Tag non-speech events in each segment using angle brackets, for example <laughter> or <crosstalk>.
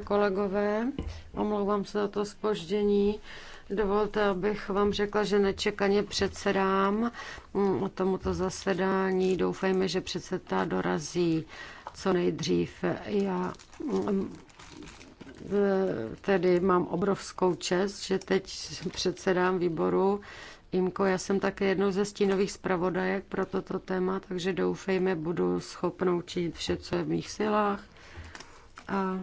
Kolegové, omlouvám se za to spoždění. Dovolte, abych vám řekla, že nečekaně předsedám mm, tomuto zasedání. Doufejme, že předseda dorazí co nejdřív. Já mm, e, tedy mám obrovskou čest, že teď předsedám výboru Imko, já jsem také jednou ze stínových zpravodajek pro toto téma, takže doufejme, budu schopnou činit vše, co je v mých silách. A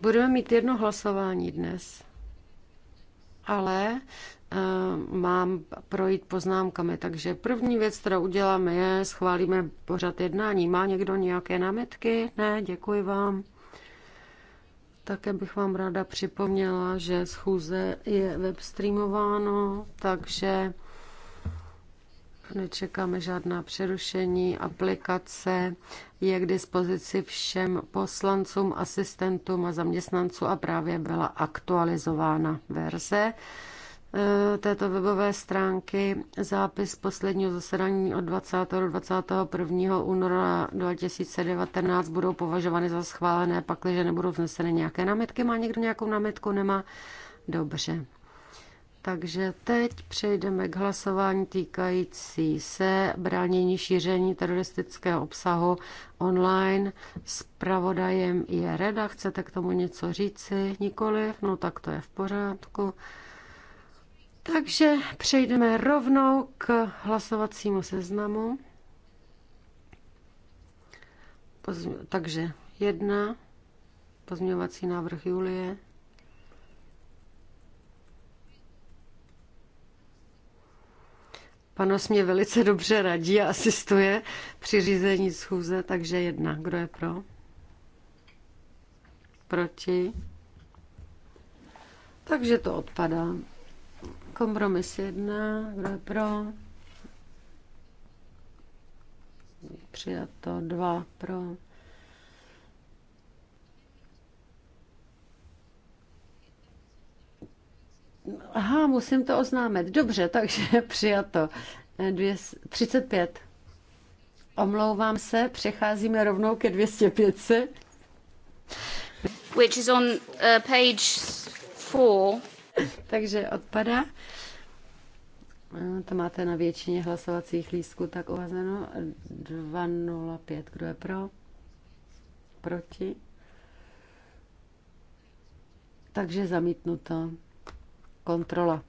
Budeme mít jedno hlasování dnes, ale uh, mám projít poznámkami. Takže první věc, kterou uděláme, je schválíme pořad jednání. Má někdo nějaké námitky? Ne, děkuji vám. Také bych vám ráda připomněla, že schůze je webstreamováno, takže Nečekáme žádná přerušení. Aplikace je k dispozici všem poslancům, asistentům a zaměstnancům a právě byla aktualizována verze eh, této webové stránky. Zápis posledního zasedání od 20. do 21. února 2019 budou považovány za schválené, pakliže nebudou vzneseny nějaké námitky. Má někdo nějakou námitku? Nemá? Dobře. Takže teď přejdeme k hlasování týkající se bránění šíření teroristického obsahu online. Spravodajem je Reda. Chcete k tomu něco říci? Nikoliv? No tak to je v pořádku. Takže přejdeme rovnou k hlasovacímu seznamu. Pozmě- takže jedna pozměňovací návrh Julie. Panos mě velice dobře radí a asistuje při řízení schůze, takže jedna. Kdo je pro? Proti? Takže to odpadá. Kompromis jedna. Kdo je pro? Přijato dva pro Aha, musím to oznámit. Dobře, takže <laughs> přijato. 35. Omlouvám se, přecházíme rovnou ke 205. Which is on uh, page 4. takže odpadá. Eh, to máte na většině hlasovacích lístků tak uvazeno. 205. Kdo je pro? Proti? Takže zamítnuto kontrola.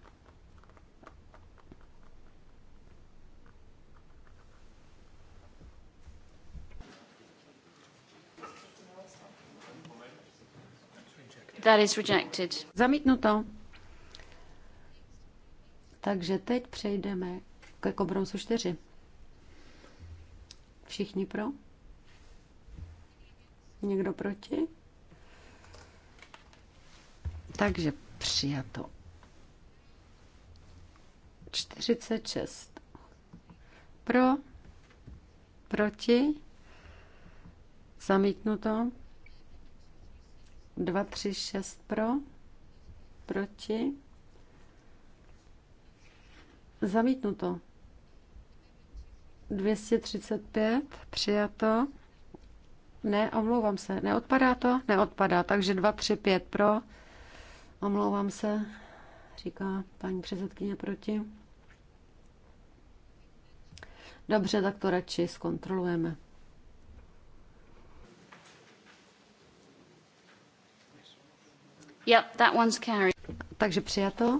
That is rejected. Zamítnuto. Takže teď přejdeme ke kompromisu 4. Všichni pro? Někdo proti? Takže přijato. 46. Pro, proti, zamítnuto. 2, 3, 6 pro, proti, zamítnuto. 235, přijato. Ne, omlouvám se, neodpadá to? Neodpadá, takže 2, 3, 5 pro, omlouvám se, říká paní předsedkyně proti. Dobře, tak to radši zkontrolujeme. Yep, that one's carried. Takže přijato.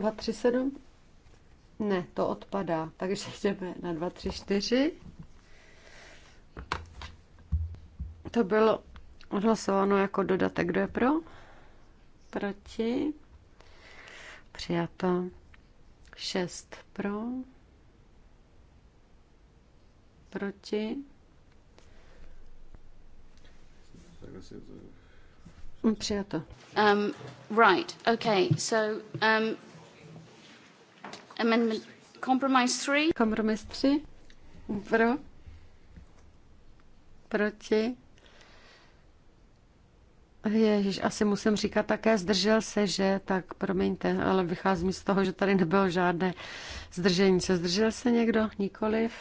Dva, tři, sedm. Ne, to odpadá. Takže jdeme na dva, tři, čtyři. To bylo Odhlasováno jako dodatek. Kdo je pro? Proti? Přijato. 6 pro. Proti? Přijato. Um, right, okay, so um, amendment compromise 3. Kompromis 3. Pro. Proti. Ježíš, asi musím říkat také zdržel se, že, tak promiňte, ale vychází z toho, že tady nebylo žádné zdržení se. Zdržel se někdo? Nikoliv?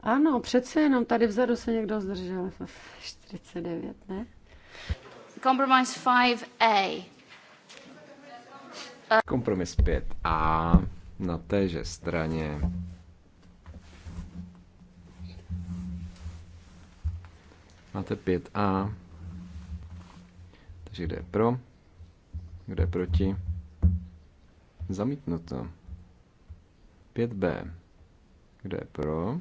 Ano, přece jenom tady vzadu se někdo zdržel. 49, ne? Compromise 5A. Kompromis 5A na téže straně Máte 5A. Takže kde je pro? Kde je proti? Zamítnuto. 5B. Kde je pro?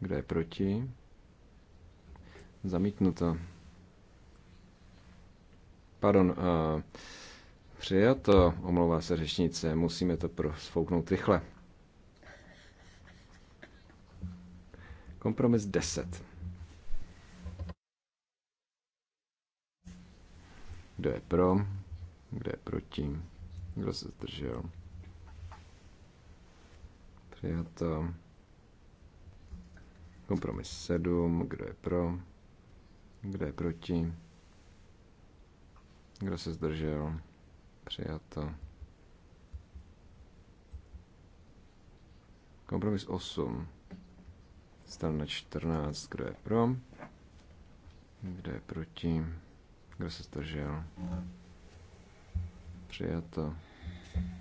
Kde je proti? Zamítnuto. Pardon, uh, přijato, omlouvá se řečnice, musíme to sfouknout rychle. Kompromis 10. Kdo je pro? Kdo je proti? Kdo se zdržel? Přijato. Kompromis 7. Kdo je pro? Kdo je proti? Kdo se zdržel? Přijato. Kompromis 8. Strana 14. Kdo je pro? Kdo je proti? kde se zdržel? Přijato.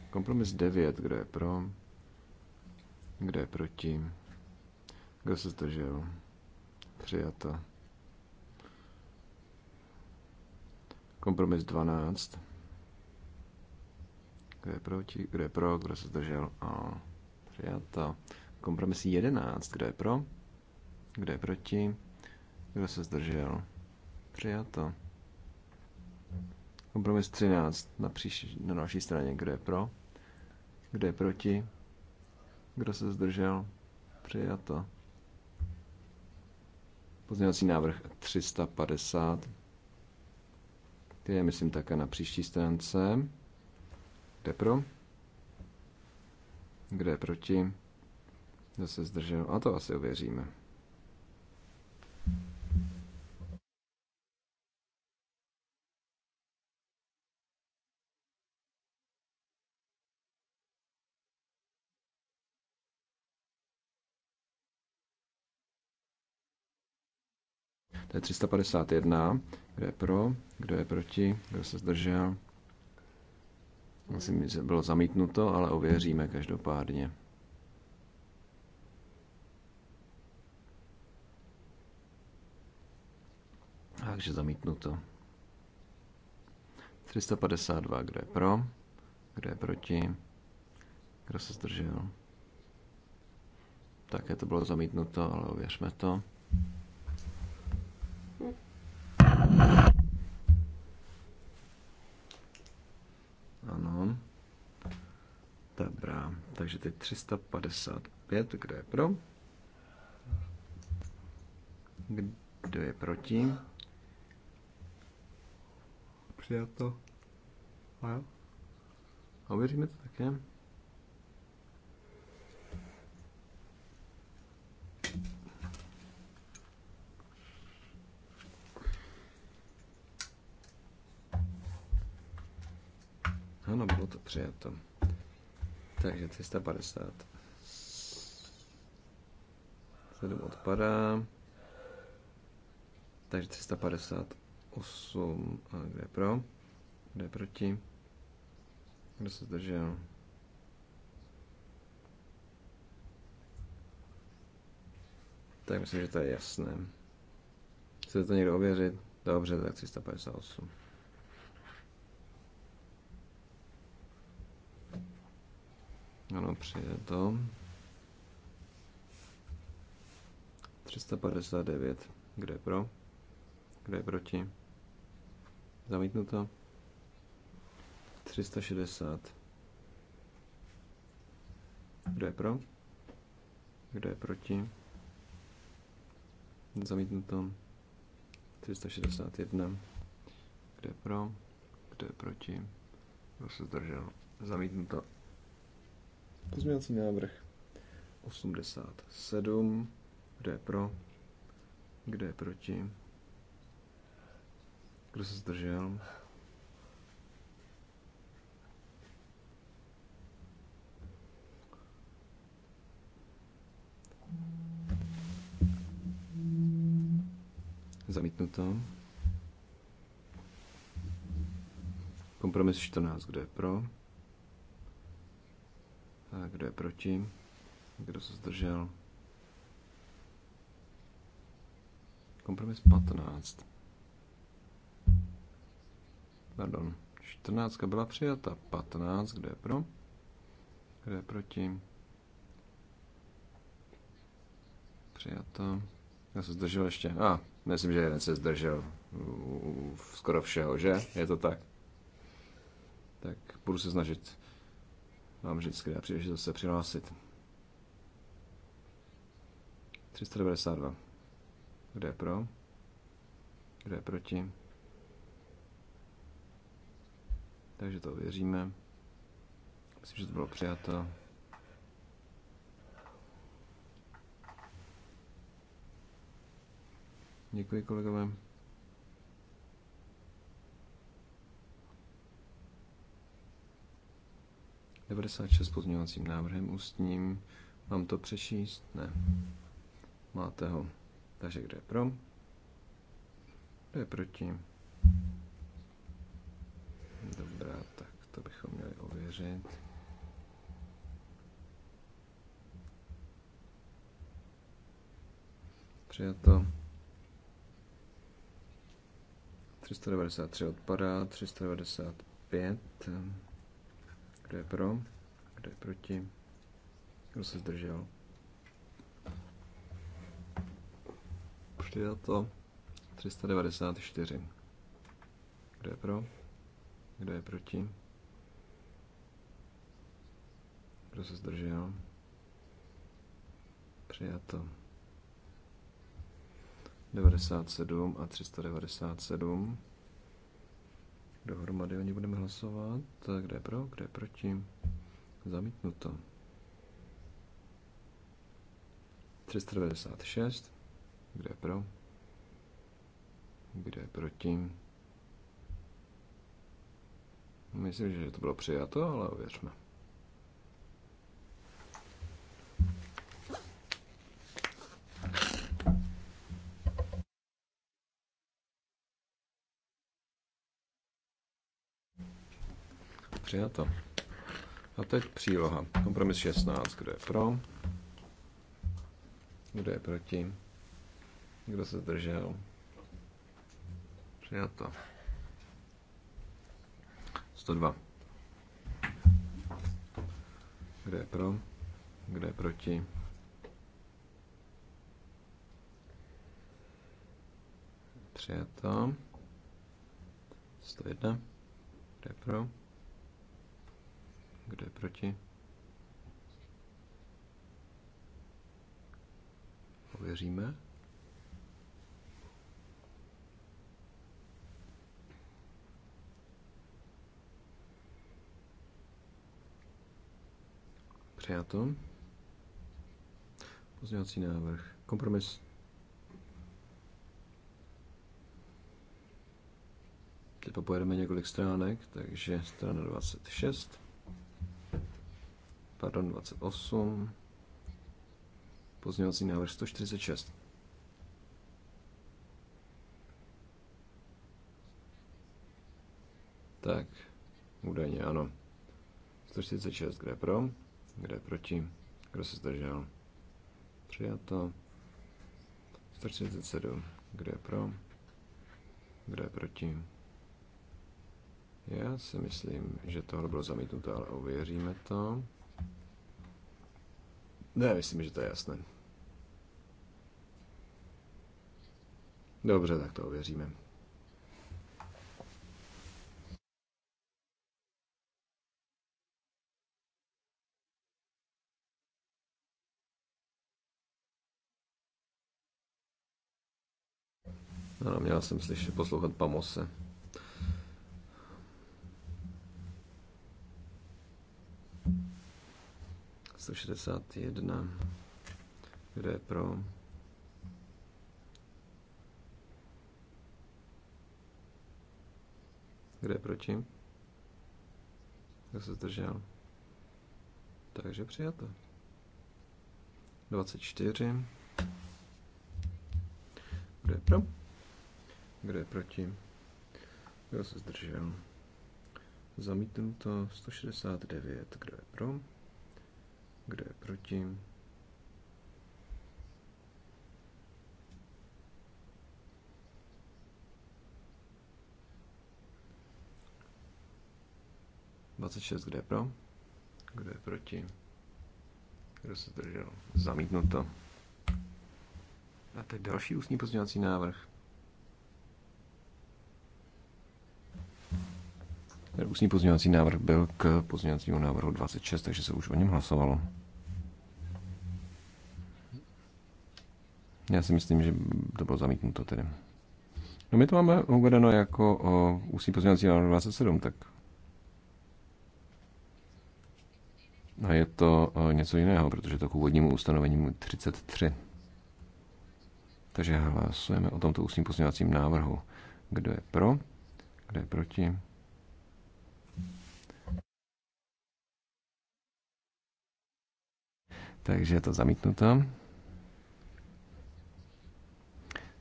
Kompromis 9. Kdo je pro? Kdo je proti? Kdo se zdržel? Přijato. Kompromis 12. Kdo je proti? Kdo je pro? Kdo se zdržel? A přijato. Kompromis 11. Kdo je pro? Kdo je proti? Kdo se zdržel? Přijato. Kompromis 13 na, příš- na naší straně. Kdo je pro? Kdo je proti? Kdo se zdržel? Přijato. Pozměňovací návrh 350, který je, myslím, také na příští stránce. Kdo je pro? Kdo je proti? Kdo se zdržel? A to asi uvěříme. To je 351. Kdo je pro? Kdo je proti? Kdo se zdržel? Myslím, že bylo zamítnuto, ale ověříme každopádně. Takže zamítnuto. 352, kdo je pro, kdo je proti, kdo se zdržel. Také to bylo zamítnuto, ale ověřme to. Ano. Dobrá, takže teď 355, kdo je pro? Kdo je proti? Přijato. A jo. A uvěříme to také. přijato. Takže 350. 7 odpadá. Takže 358. A kde je pro? Kde je proti? Kdo se zdržel? Tak myslím, že to je jasné. Chcete to někdo ověřit? Dobře, tak 358. Ano, přijeto. 359. Kdo je pro? Kdo je proti? Zamítnuto. 360. Kdo je pro? Kdo je proti? Zamítnuto. 361. Kdo je pro? Kdo je proti? Kdo se zdržel? Zamítnuto. Pozměňovací návrh 87. Kdo je pro? Kdo je proti? Kdo se zdržel? Zamítnuto. Kompromis 14, kdo je pro? Kdo je proti? Kdo se zdržel? Kompromis 15. Pardon. 14 byla přijata. 15. Kdo je pro? Kdo je proti? Přijata. Já se zdržel ještě. A, ah, myslím, že jeden se zdržel skoro všeho, že? Je to tak? Tak budu se snažit vám vždycky dá příležitost se přihlásit. 392. Kdo je pro? Kdo je proti? Takže to věříme. Myslím, že to bylo přijato. Děkuji kolegové. 96 pozměňovacím návrhem ústním. Mám to přečíst? Ne. Máte ho. Takže kde je pro? Kdo je proti? Dobrá, tak to bychom měli ověřit. Přijato. 393 odpadá, 395. Kdo je pro? Kdo je proti? Kdo se zdržel? Přijato 394. Kdo je pro? Kdo je proti? Kdo se zdržel? Přijato 97 a 397. Dohromady o ní budeme hlasovat. Kde je pro, kde je proti? Zamítnuto. 396. Kde je pro? Kde je proti? Myslím, že to bylo přijato, ale uvěřme. Přijato. A teď příloha. Kompromis 16. Kdo je pro? Kdo je proti? Kdo se zdržel? Přijato. 102. Kdo je pro? Kdo je proti? Přijato. 101. Kdo je pro? Kdo je proti? Ověříme. Přijato. Pozměňovací návrh. Kompromis. Teď popojedeme několik stránek, takže strana 26 pardon, 28, pozměňovací návrh 146. Tak, údajně ano. 146, kde pro, kde proti, kdo se zdržel. Přijato. 147, kde pro, kde proti. Já si myslím, že tohle bylo zamítnuto, ale ověříme to. Ne, myslím, že to je jasné. Dobře, tak to ověříme. Ano, měl jsem slyšet poslouchat Pamose. 161. Kdo je pro? Kdo je proti? Kdo se zdržel? Takže přijato. 24. Kdo je pro? Kdo je proti? Kdo se zdržel? Zamítnuto 169. Kdo je pro? Kdo je proti? Dvacet šest, kdo je pro? Kdo je proti? Kdo se držel? Zamítnuto. A teď další ústní pozměňovací návrh. Ústní pozměňovací návrh byl k pozměňovacímu návrhu 26, takže se už o něm hlasovalo. Já si myslím, že to bylo zamítnuto tedy. No my to máme uvedeno jako o ústní pozměňovací návrh 27, tak A je to něco jiného, protože to k úvodnímu ustanovení 33. Takže hlasujeme o tomto ústním pozměňovacím návrhu. Kdo je pro? Kdo je proti? Takže je to zamítnuto.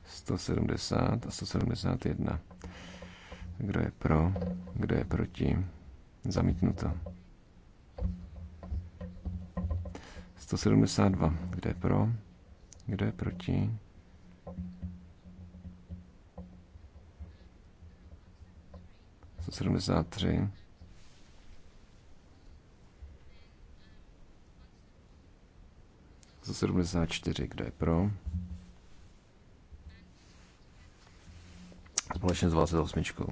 170 a 171. Kdo je pro, kdo je proti? Zamítnuto. 172. Kdo je pro, kdo je proti? 173. 174, kdo je pro? Společně s 28, kdo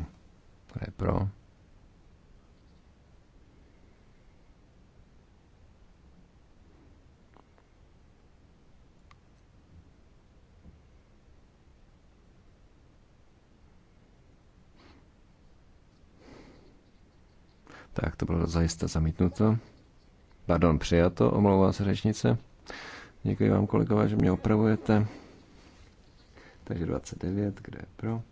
je pro? Tak, to bylo zajisté zamítnuto. Pardon, přijato, omlouvá se řečnice. Děkuji vám, kolegové, že mě opravujete. Takže 29, kde je pro?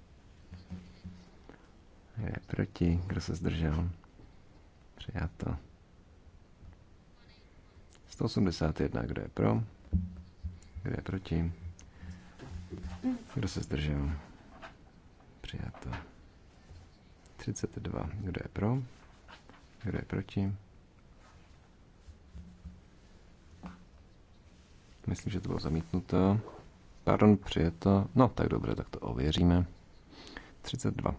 Je proti, kdo se zdržel? Přijato. 181, kdo je pro? Kdo je proti? Kdo se zdržel? Přijato. 32, kdo je pro? Kdo je proti? Myslím, že to bylo zamítnuto. Pardon, přijeto. No, tak dobře, tak to ověříme. 32.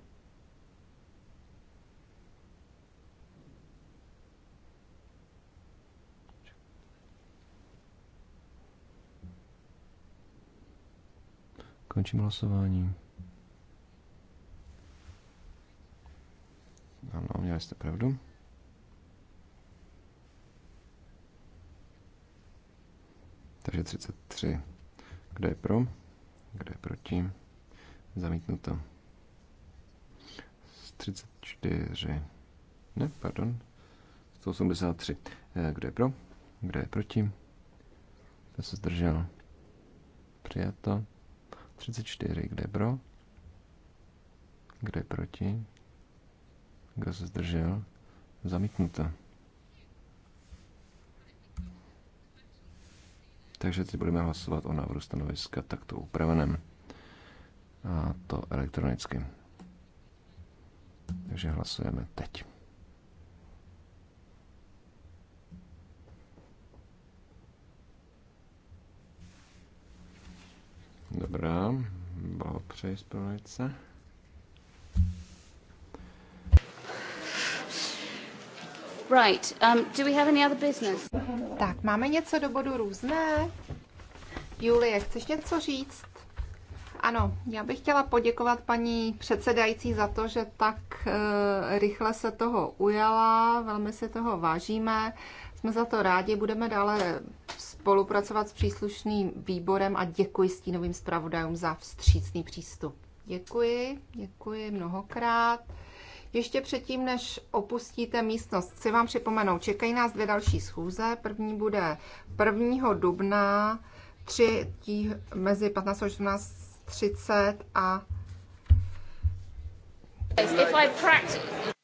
Končím hlasování. Ano, měli jste pravdu. Takže 33. Kdo je pro? Kdo je proti? Zamítnuto. 34. Ne, pardon. 183. Eh, kdo je pro? Kdo je proti? Kdo se zdržel? Přijato. 34. Kdo je pro? Kdo je proti? Kdo se zdržel? Zamítnuto. Takže teď budeme hlasovat o návrhu stanoviska takto upraveném. A to elektronicky. Takže hlasujeme teď. Dobrá, blahopřeji zpravodajce. Right. Um, do we have any other business? Tak, máme něco do bodu různé? Julie, chceš něco říct? Ano, já bych chtěla poděkovat paní předsedající za to, že tak e, rychle se toho ujala, velmi si toho vážíme. Jsme za to rádi, budeme dále spolupracovat s příslušným výborem a děkuji stínovým zpravodajům za vstřícný přístup. Děkuji, děkuji mnohokrát. Ještě předtím, než opustíte místnost, chci vám připomenout, čekají nás dvě další schůze. První bude 1. dubna 3, mezi 15 a 18.30 a